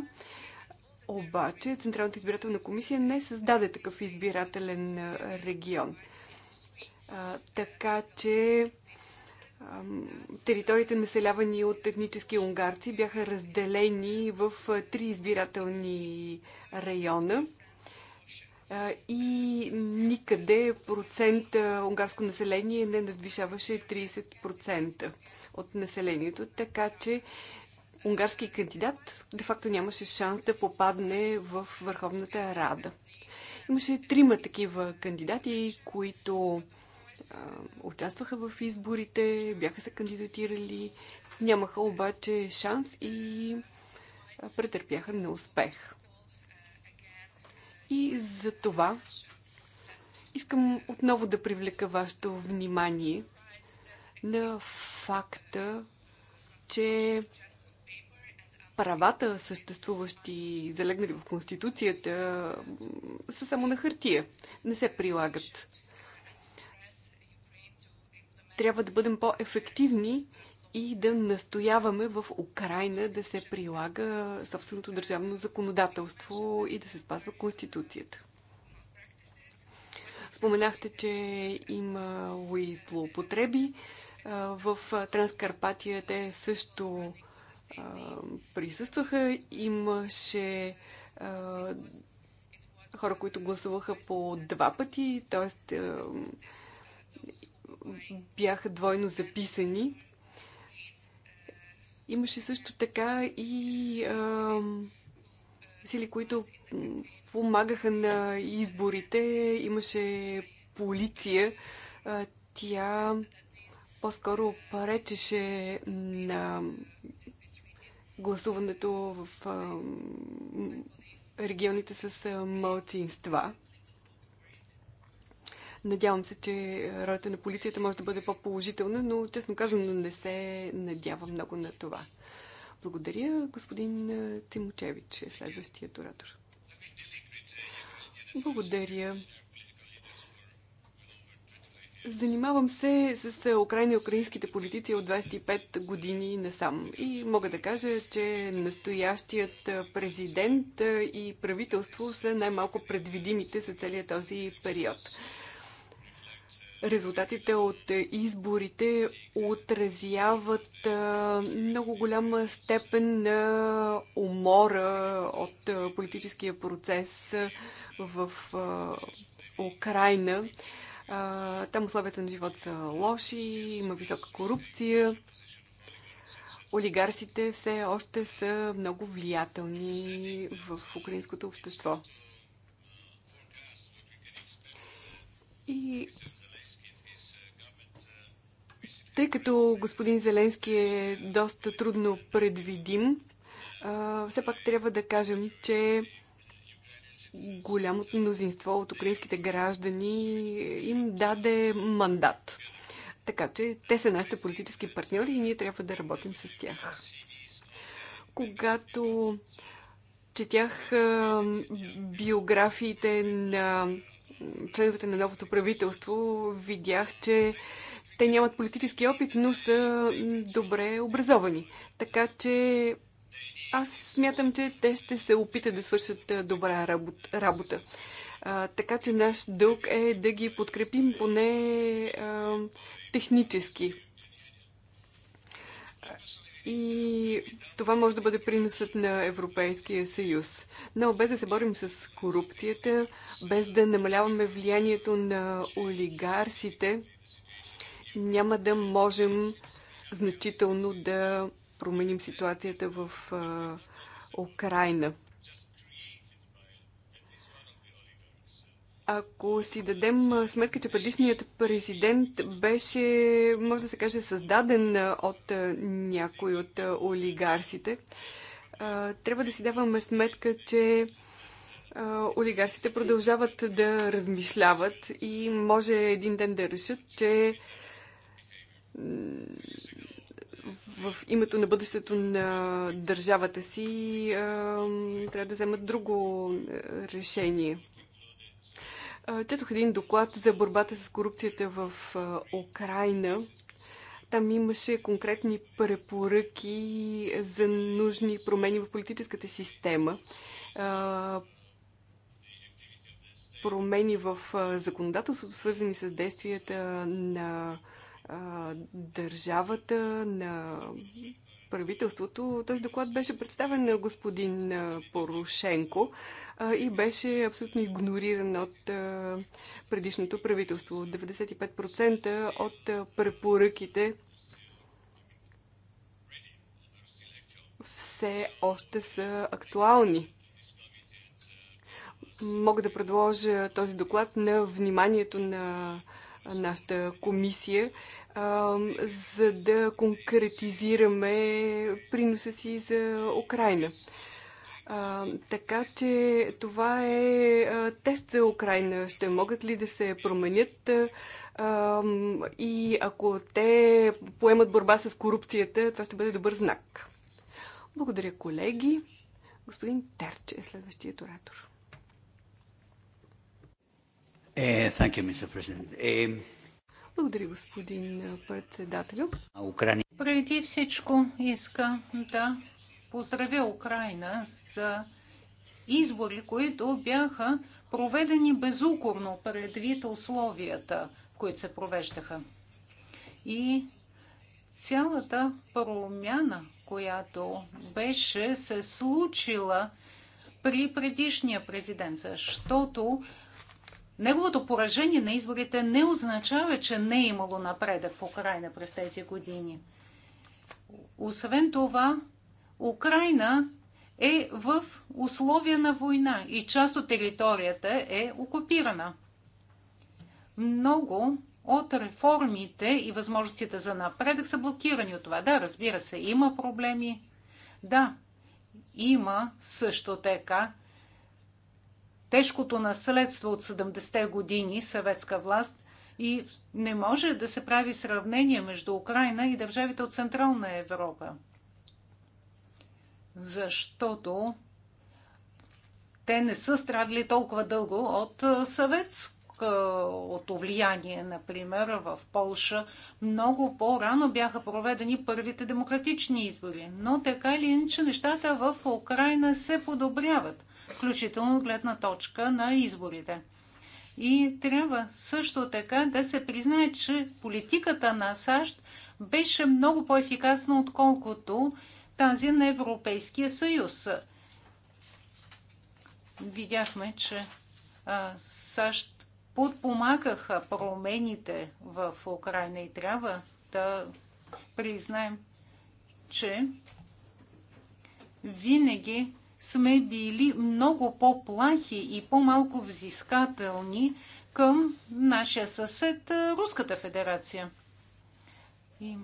Speaker 2: Обаче Централната избирателна комисия не създаде такъв избирателен регион. Така че териториите населявани от етнически унгарци бяха разделени в три избирателни района и никъде процент унгарско население не надвишаваше 30% от населението, така че унгарски кандидат де-факто нямаше шанс да попадне в Върховната Рада. Имаше трима такива кандидати, които участваха в изборите, бяха се кандидатирали, нямаха обаче шанс и претърпяха неуспех. И за това искам отново да привлека вашето внимание на факта, че правата, съществуващи, залегнали в Конституцията, са само на хартия. Не се прилагат трябва да бъдем по-ефективни и да настояваме в Украина да се прилага собственото държавно законодателство и да се спазва Конституцията. Споменахте, че има и злоупотреби. В Транскарпатия те също присъстваха. Имаше хора, които гласуваха по два пъти, т.е бяха двойно записани. Имаше също така и а, сили, които помагаха на изборите. Имаше полиция. А, тя по-скоро паречеше на гласуването в а, регионите с малцинства. Надявам се, че е, ролята на полицията може да бъде по-положителна, но честно казвам, не се надявам много на това. Благодаря, господин е, Тимочевич, е следващият оратор. Благодаря. Занимавам се с Украина украинските политици от 25 години насам. И мога да кажа, че настоящият президент и правителство са най-малко предвидимите за целият този период резултатите от изборите отразяват много голяма степен на умора от политическия процес в Украина. Там условията на живот са лоши, има висока корупция. Олигарсите все още са много влиятелни в украинското общество. И тъй като господин Зеленски е доста трудно предвидим, все пак трябва да кажем, че голямото мнозинство от украинските граждани им даде мандат. Така че те са нашите политически партньори и ние трябва да работим с тях. Когато четях биографиите на членовете на новото правителство, видях, че те нямат политически опит, но са добре образовани. Така че аз смятам, че те ще се опитат да свършат добра работа. А, така че наш дълг е да ги подкрепим поне а, технически. И това може да бъде приносът на Европейския съюз. Но без да се борим с корупцията, без да намаляваме влиянието на олигарсите, няма да можем значително да променим ситуацията в а, Украина. Ако си дадем сметка, че предишният президент беше, може да се каже, създаден от някой от олигарсите, трябва да си даваме сметка, че олигарсите продължават да размишляват и може един ден да решат, че в името на бъдещето на държавата си трябва да вземат друго решение. Четох един доклад за борбата с корупцията в Украина. Там имаше конкретни препоръки за нужни промени в политическата система промени в законодателството, свързани с действията на държавата, на правителството. Този доклад беше представен на господин Порошенко и беше абсолютно игнориран от предишното правителство. 95% от препоръките все още са актуални. Мога да предложа този доклад на вниманието на нашата комисия, за да конкретизираме приноса си за Украина. така че това е тест за Украина. Ще могат ли да се променят? и ако те поемат борба с корупцията, това ще бъде добър знак. Благодаря, колеги. Господин Терче е следващият оратор. Uh, thank you, Mr. President. Um, Благодаря, господин
Speaker 3: председател. Украина. Преди всичко искам да поздравя Украина за избори, които бяха проведени безукорно предвид условията, в които се провеждаха. И цялата промяна, която беше се случила при предишния президент, защото Неговото поражение на изборите не означава, че не е имало напредък в Украина през тези години. Освен това, Украина е в условия на война и част от територията е окупирана. Много от реформите и възможностите за напредък са блокирани от това. Да, разбира се, има проблеми. Да, има също така тежкото наследство от 70-те години съветска власт и не може да се прави сравнение между Украина и държавите от Централна Европа. Защото те не са страдали толкова дълго от съветското влияние, например, в Полша. Много по-рано бяха проведени първите демократични избори. Но така или иначе нещата в Украина се подобряват включително гледна точка на изборите. И трябва също така да се признае, че политиката на САЩ беше много по-ефикасна, отколкото тази на Европейския съюз. Видяхме, че САЩ подпомагаха промените в Украина и трябва да признаем, че винаги сме били много по-плахи и по-малко взискателни към нашия съсед Руската федерация. И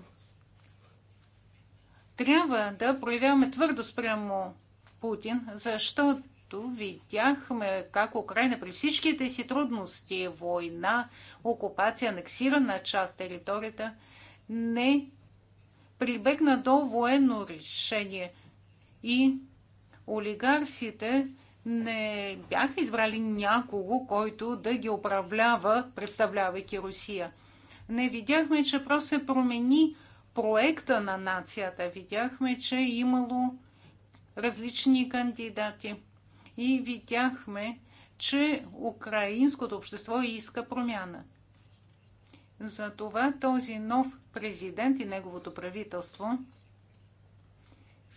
Speaker 3: трябва да проявяваме твърдо спрямо Путин, защото видяхме как Украина при всичките си трудности, война, окупация, анексирана част територията, не прибегна до военно решение и олигарсите не бяха избрали някого, който да ги управлява, представлявайки Русия. Не видяхме, че просто се промени проекта на нацията. Видяхме, че е имало различни кандидати. И видяхме, че украинското общество иска промяна. Затова този нов президент и неговото правителство –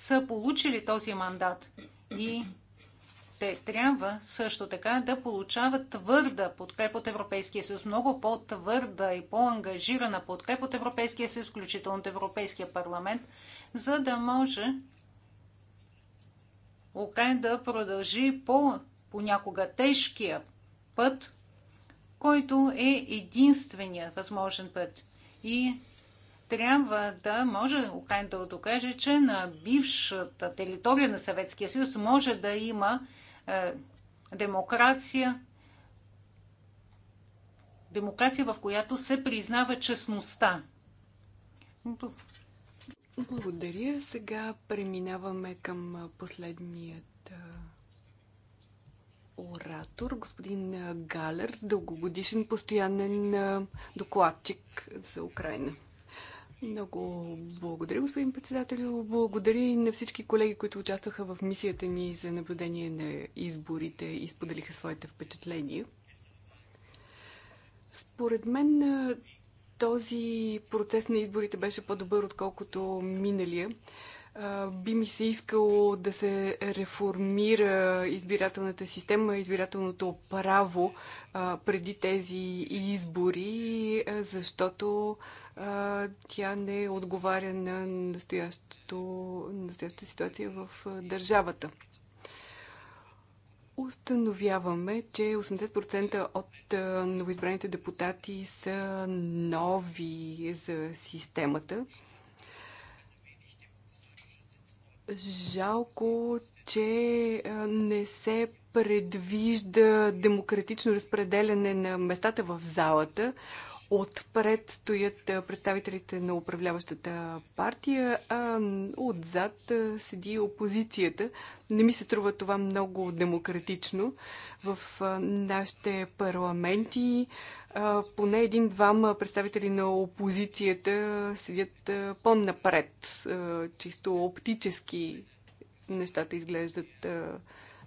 Speaker 3: са получили този мандат и те трябва също така да получават твърда подкреп от Европейския съюз, много по-твърда и по-ангажирана подкреп от Европейския съюз, включително от Европейския парламент, за да може Украина да продължи по понякога тежкия път, който е единственият възможен път. И трябва да може Украина да докаже, че на бившата територия на Съветския съюз може да има е, демокрация, демокрация, в която се признава честността.
Speaker 2: Благодаря. Сега преминаваме към последният оратор, господин Галер, дългогодишен постоянен докладчик за Украина. Много благодаря, господин председател. Благодаря и на всички колеги, които участваха в мисията ни за наблюдение на изборите и споделиха своите впечатления. Според мен този процес на изборите беше по-добър, отколкото миналия. Би ми се искало да се реформира избирателната система, избирателното право преди тези избори, защото тя не отговаря на настоящата ситуация в държавата. Установяваме, че 80% от новоизбраните депутати са нови за системата. Жалко, че не се предвижда демократично разпределяне на местата в залата. Отпред стоят представителите на управляващата партия, а отзад седи опозицията. Не ми се струва това много демократично. В нашите парламенти поне един-двама представители на опозицията седят по-напред. Чисто оптически нещата изглеждат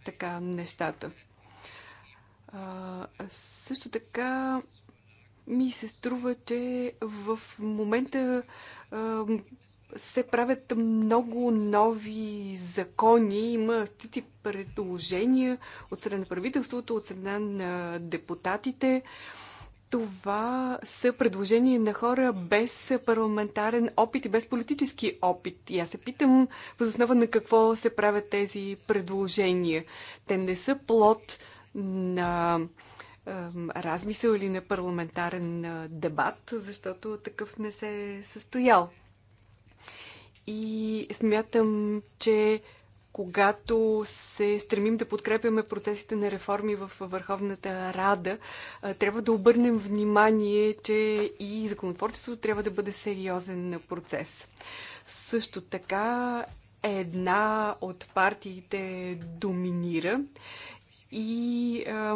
Speaker 2: така нещата. Също така ми се струва, че в момента се правят много нови закони, има стити предложения от страна на правителството, от страна на депутатите. Това са предложения на хора без парламентарен опит и без политически опит. И аз се питам, основа на какво се правят тези предложения. Те не са плод на размисъл или на парламентарен дебат, защото такъв не се е състоял. И смятам, че когато се стремим да подкрепяме процесите на реформи в Върховната Рада, трябва да обърнем внимание, че и законотворчеството трябва да бъде сериозен процес. Също така една от партиите доминира и а,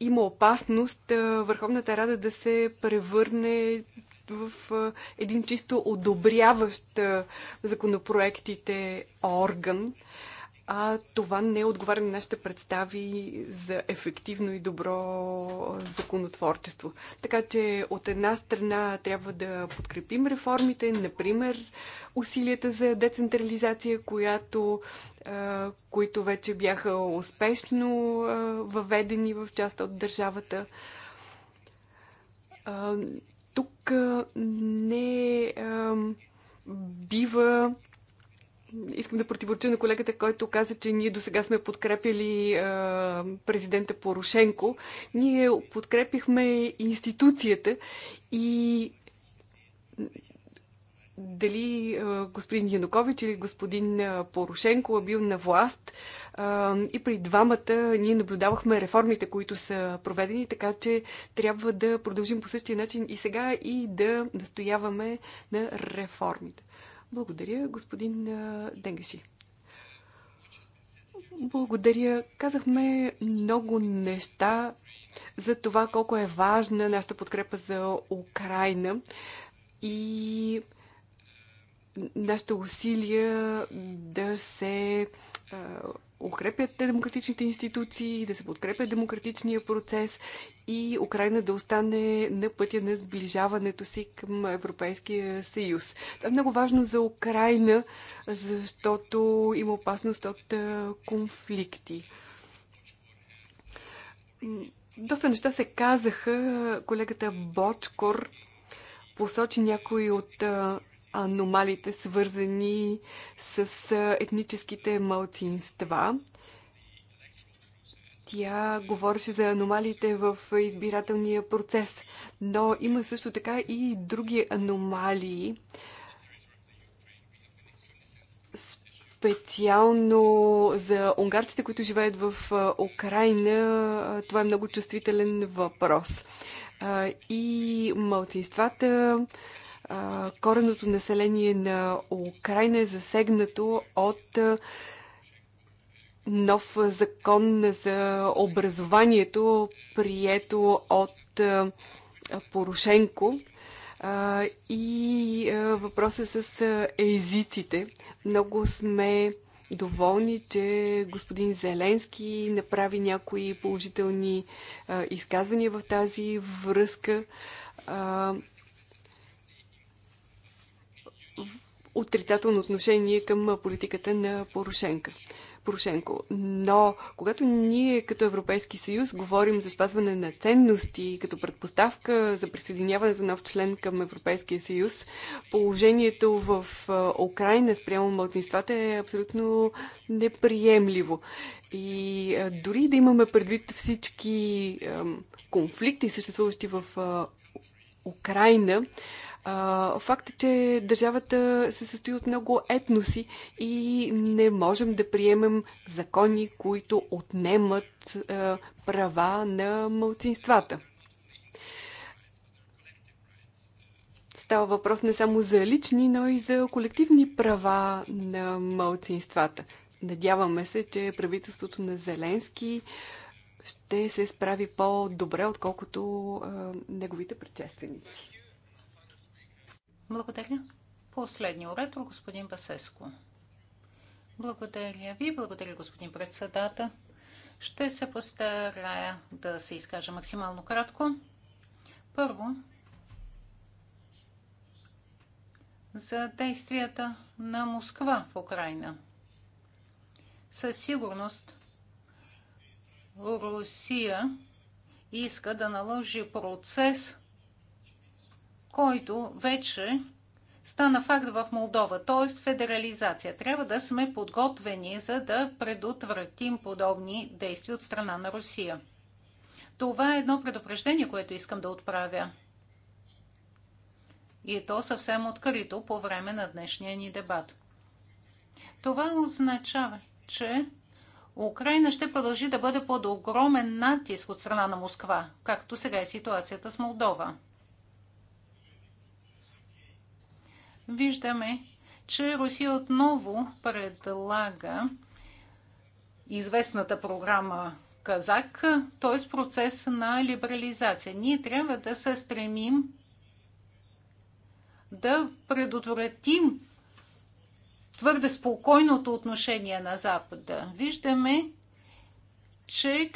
Speaker 2: има опасност а, Върховната Рада да се превърне в а, един чисто одобряващ а, законопроектите орган. А, а това не е отговаря на нашите представи за ефективно и добро законотворчество. Така че от една страна трябва да подкрепим реформите, например усилията за децентрализация, която, които вече бяха успешно въведени в част от държавата. Тук не бива искам да противореча на колегата, който каза, че ние до сега сме подкрепили президента Порошенко. Ние подкрепихме институцията и дали господин Янукович или господин Порошенко е бил на власт. и при двамата ние наблюдавахме реформите, които са проведени, така че трябва да продължим по същия начин и сега и да настояваме на реформите. Благодаря, господин Денгаши. Благодаря. Казахме много неща за това колко е важна нашата подкрепа за Украина и нашите усилия да се укрепят демократичните институции, да се подкрепят демократичния процес и Украина да остане на пътя на сближаването си към Европейския съюз. Това е много важно за Украина, защото има опасност от конфликти. Доста неща се казаха. Колегата Бочкор посочи някои от аномалите, свързани с етническите малцинства. Тя говореше за аномалиите в избирателния процес, но има също така и други аномалии. Специално за унгарците, които живеят в Украина, това е много чувствителен въпрос. И малцинствата, Кореното население на Украина е засегнато от нов закон за образованието, прието от Порошенко и въпроса с езиците. Много сме доволни, че господин Зеленски направи някои положителни изказвания в тази връзка. отрицателно отношение към политиката на Порошенко. Порошенко. Но когато ние като Европейски съюз говорим за спазване на ценности като предпоставка за присъединяването на нов член към Европейския съюз, положението в Украина спрямо младенствата е абсолютно неприемливо. И дори да имаме предвид всички конфликти, съществуващи в Украина, а, факт е, че държавата се състои от много етноси и не можем да приемем закони, които отнемат а, права на мълцинствата. Става въпрос не само за лични, но и за колективни права на мълцинствата. Надяваме се, че правителството на Зеленски ще се справи по-добре, отколкото а, неговите предшественици.
Speaker 3: Благодаря. Последния оратор, господин Басеско. Благодаря ви, благодаря господин председател. Ще се постарая да се изкажа максимално кратко. Първо, за действията на Москва в Украина. Със сигурност Русия иска да наложи процес който вече стана факт в Молдова, т.е. федерализация. Трябва да сме подготвени, за да предотвратим подобни действия от страна на Русия. Това е едно предупреждение, което искам да отправя. И е то съвсем открито по време на днешния ни дебат. Това означава, че Украина ще продължи да бъде под огромен натиск от страна на Москва, както сега е ситуацията с Молдова. виждаме, че Русия отново предлага известната програма Казак, т.е. процес на либерализация. Ние трябва да се стремим да предотвратим твърде спокойното отношение на Запада. Виждаме, че,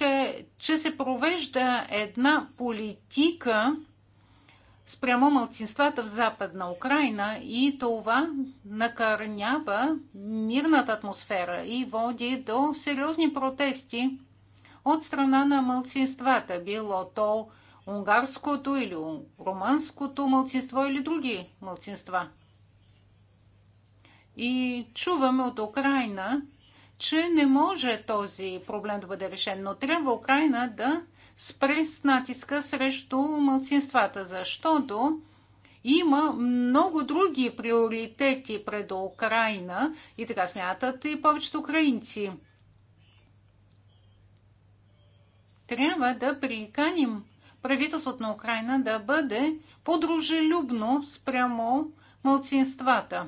Speaker 3: че се провежда една политика спрямо мълцинствата в Западна Украина и това накърнява мирната атмосфера и води до сериозни протести от страна на мълцинствата, било то унгарското или румънското мълцинство или други мълцинства. И чуваме от Украина, че не може този проблем да бъде решен, но трябва Украина да спре с натиска срещу мълцинствата, защото има много други приоритети пред Украина и така смятат и повечето украинци. Трябва да приканим правителството на Украина да бъде по-дружелюбно спрямо мълцинствата,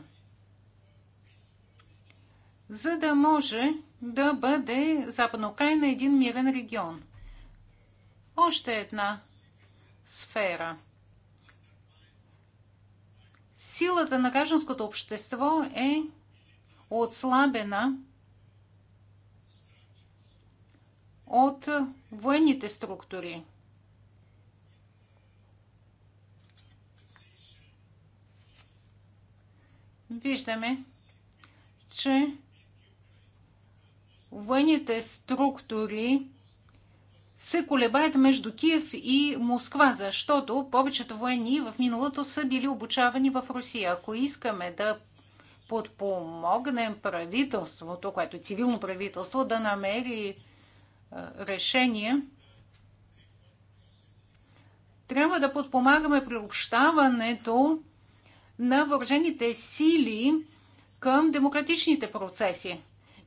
Speaker 3: за да може да бъде Западна Украина един мирен регион. Още една сфера. Силата на гражданското общество е отслабена от военните структури. Виждаме, че военните структури се колебаят между Киев и Москва, защото повечето военни в миналото са били обучавани в Русия. Ако искаме да подпомогнем правителството, което е цивилно правителство, да намери е, решение, трябва да подпомагаме приобщаването на въоръжените сили към демократичните процеси.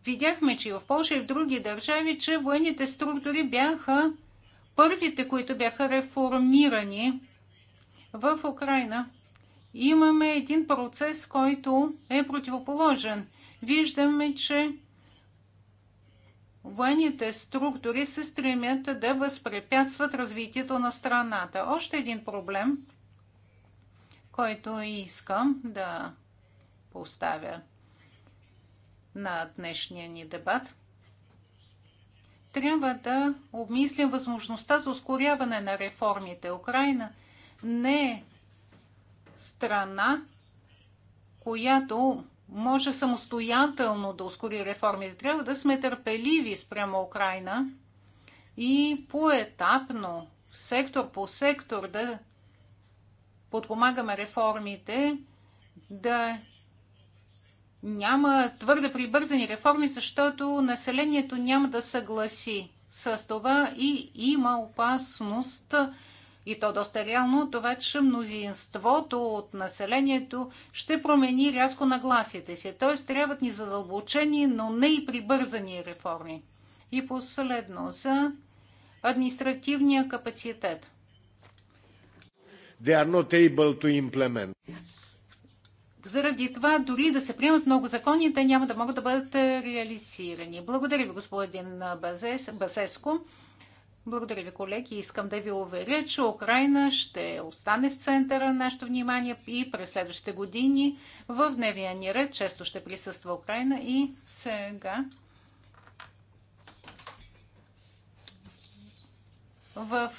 Speaker 3: Видяхме, че и в Польша и в други държави, че военните структури бяха първите, които бяха реформирани в Украина. Имаме един процес, който е противоположен. Виждаме, че военните структури се стремят да възпрепятстват развитието на страната. Още един проблем, който искам да поставя на днешния ни дебат. Трябва да обмислим възможността за ускоряване на реформите. Украина не е страна, която може самостоятелно да ускори реформите. Трябва да сме търпеливи спрямо Украина и поетапно, сектор по сектор да подпомагаме реформите, да няма твърде прибързани реформи, защото населението няма да съгласи с това и има опасност и то доста реално, това, че мнозинството от населението ще промени рязко нагласите си. Т.е. трябват ни задълбочени, но не и прибързани реформи. И последно, за административния капацитет. They are not able to implement заради това дори да се приемат много закони, те няма да могат да бъдат е, реализирани. Благодаря ви, господин Базес, Базеско. Благодаря ви, колеги. Искам да ви уверя, че Украина ще остане в центъра на нашето внимание и през следващите години в дневния ни ред често ще присъства Украина и сега в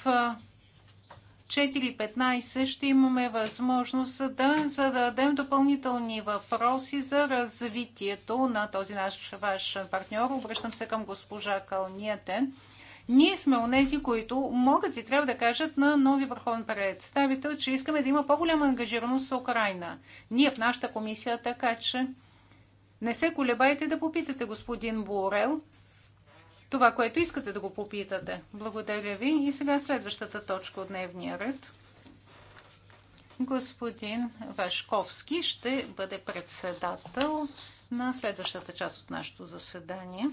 Speaker 3: 4.15 ще имаме възможност да зададем допълнителни въпроси за развитието на този наш ваш партньор. Обръщам се към госпожа Калниетен. Ние сме онези, които могат и трябва да кажат на нови върховен представител, че искаме да има по-голяма ангажираност с Украина. Ние в нашата комисия така, че не се колебайте да попитате господин Борел това, което искате да го попитате. Благодаря ви. И сега следващата точка от дневния ред. Господин Вашковски ще бъде председател на следващата част от нашето заседание.